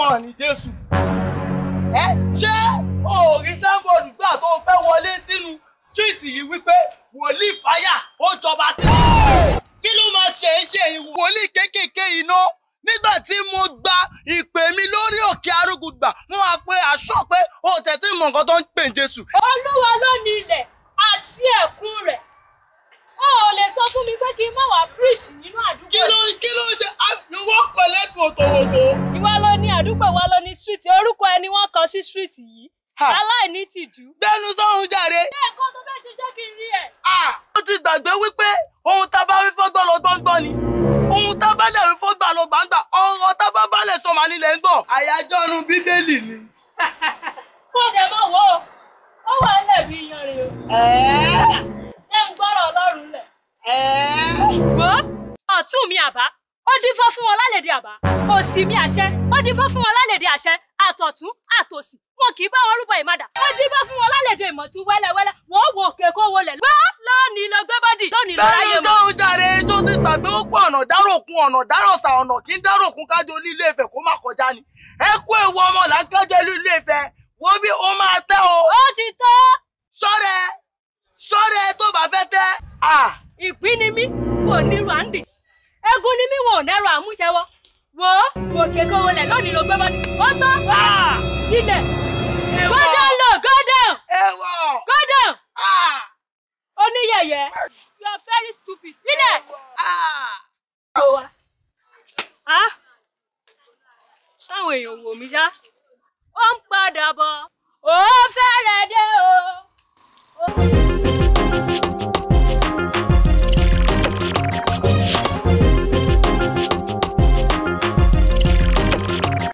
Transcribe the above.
wọn ní Jésù. ẹ ṣé òòrí sanford gbà tó fẹ́ wọlé sínú stíríìtì yìí wípé wòlíì fáyà ó jọba sí. kí ló máa tiẹ̀ ń ṣe ìwò. wòlíì kéékèèké iná nígbà tí mo gba ìpè mi lórí òkè arúgbùgbà mo wá pé aṣọ pé o tẹ̀tí mọ̀ nǹkan tó ń pè Jésù. olúwa ló ní ilẹ̀ àti ẹ̀kún rẹ̀ ò lè sọ fún mi pé kí n má wàá preach nínú àdúgbò. kí ló kí ló ṣe ah, you wan collect wòtòwòtò. ìwọ àdúgbò wa ló ní street orúkọ ẹni wọ́n kọ sí street yìí aláìní tìjú. gbẹnu sọhun jàre. ṣé ẹ̀kọ́ tó fẹ́ ṣe jẹ́ kí n rí ẹ̀. ó ti gbàgbé wípé ohun tá a bá wí fọ́gbọ́n lọ gbọ́ngbọ́n ni ohun tá a bá lè rí fọ́gbà lọ gbàǹgbà ọ̀rọ̀ tá a bá bá lè sọ màá nílẹ̀ ń gbọ̀. àyájọ́ ọdún bíbélì ni. kó dẹ̀ mọ̀ wò ó ó wà ń lẹ̀ bí iyanrìn o. ṣé ń gbọ́rọ̀ ọlọ́run lẹ̀. gbọ́ ọ̀tún mi àbá ó dífọ́ fún wọn lálẹ́dẹ̀ àbá òsì mi àṣẹ ó dífọ́ fún wọn lálẹ́dẹ̀ àṣẹ àtọ̀tún àtòsì wọn kì í bá wọn rúbọ ìmọ̀dà ó dífọ́ fún wọn lálẹ́dẹ̀ ìmọ̀tú wẹ́lẹ́wẹ́lẹ́ wọ́n wò òkè kó wọlé gbọ́ lónìí lọ gbé bọ́dì lónìí lọ ráyè mọ́. lẹ́yìn sóhun jàre tó ti gbàgbé ó pọ̀ ọ̀nà dáròkun ọ̀nà dárọ̀sà ọ̀nà kí ń dáròkun kájọ lílé Ifẹ̀ kó má kọjá ni ẹ kú ewu ọmọ làǹkẹ́jẹ́ lílé Ifẹ̀ wo bí ó máa tẹ́ o. ó ti tọ́. sọ́rẹ́ sọ́rẹ́ tó bá fẹ́ tẹ́. ìpín ni mí kò ní rwandi egun ni mí wọn ò nẹ́rọ àmúṣẹwọ́ wò ó òkè kó wọlé lónìí ló gbẹ́bọ́ ó tọ́ ilẹ̀ go down low go down go down oníyẹ̀yẹ́ you are very stupid ilẹ̀ kò ah! wá sáwọn ah! èèyàn wò mí ṣá ó ń padà bọ̀.